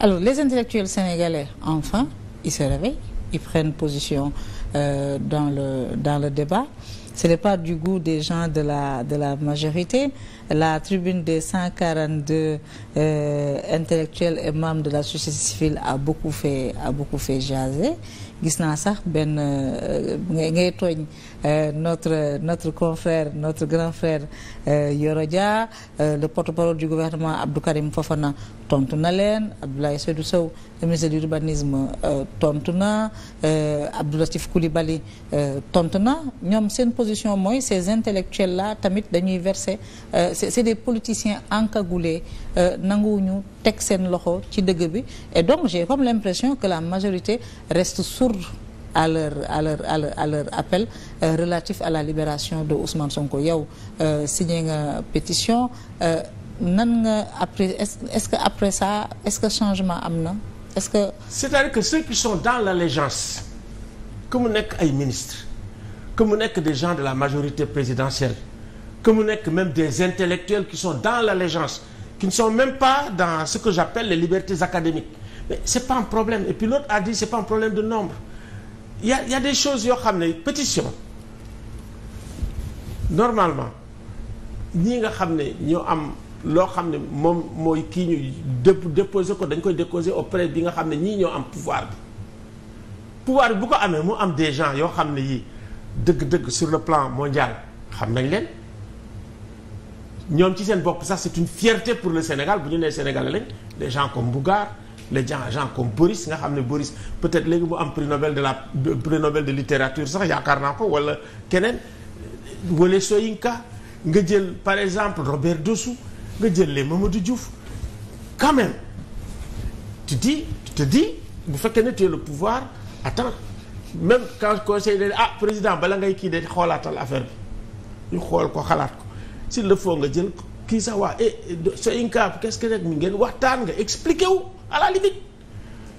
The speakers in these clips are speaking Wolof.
alors les intellectuels sénégalais enfin ils se réveillent ils prennent position euh, dans le dans le débat ce n'est pas du goût des gens de la de la majorité la tribune des 142 euh, intellectuels et membres de la société civile a beaucoup fait a beaucoup fait jaser gis naa sax benn euh, ngay tooñ euh, notre notre confrère notre grand frère euh, Yoro Dia euh, le porte-parole du gouvernement Abdou Karim tontu na leen Abdoulaye Seydou Sow le ministre de l'urbanisme euh, tontu na Abdou Latif Coulibaly tontu na ñoom seen position mooy ces intellectuels là tamit dañuy verser euh, c'est des politiciens encagoulés euh, nanguwuñu teg seen loxo ci dëgg bi et donc j'ai comme l'impression que la majorité reste sourde à leur à leur à leur, appel euh, relatif à la libération de Ousmane Sonko yow euh, signé nga pétition euh, nan nga après est-ce, que après ça est-ce que changement am na est-ce que. c'est-à-dire que ceux qui sont dans l'allégeance que mu nekk ay ministres que mu nekk des gens de la majorité présidentielle que mu nekk même des intellectuels qui sont dans l'allégeance qui ne sont même pas dans ce que j'appelle les libertés académiques mais c'est pas un problème et puis l'autre a dit c'est pas un problème de nombre il y a il y a des choses yoo xam ne pétition normalement ñi nga xam ne ñoo am loo xam ne moom mooy kii ñu ñuy déposer ko dañ koy au près bi nga xam ne ñii ñoo am pouvoir bi pouvoir bi bu ko amee mu am des gens yoo xam ne yii dëgg-dëgg sur le plan mondial xam nañ leen ñoom ci seen bopp sax c'est une fierté pour le Sénégal bu ñu nee Sénégalais lañ les gens comme Mbougar les gens gens comme Boris nga xam ne Boris peut-être léegi mu am prix Nobel de la prix Nobel de littérature sax yaakaar naa ko wala keneen wala Soyinka nga jël par exemple Robert Dossou nga jël les Mamadou du quand même tu dis tu te di bu fekkee ne tu es le pouvoir attends même quand conseil de ah président bala ngay kii de xoolaatal affaire bi ñu xool ko xalaat ko s'il le faut nga jël kii sax waa eh, eh so incapable qu'est-ce que rek ngeen waxtaan nga expliqué wu à la limite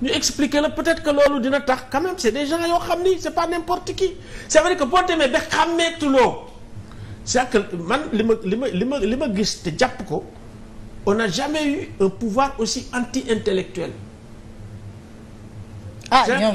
ñu expliqué la peut-être que loolu dina tax quand même c'est des gens yoo ni c'est pas n'importe qui c'est vrai que boo demee ba xàmmeetuloo c'est que man li ma li ma li ma li ma gis te jàpp ko on n'a jamais eu un pouvoir aussi anti-intellectuel ah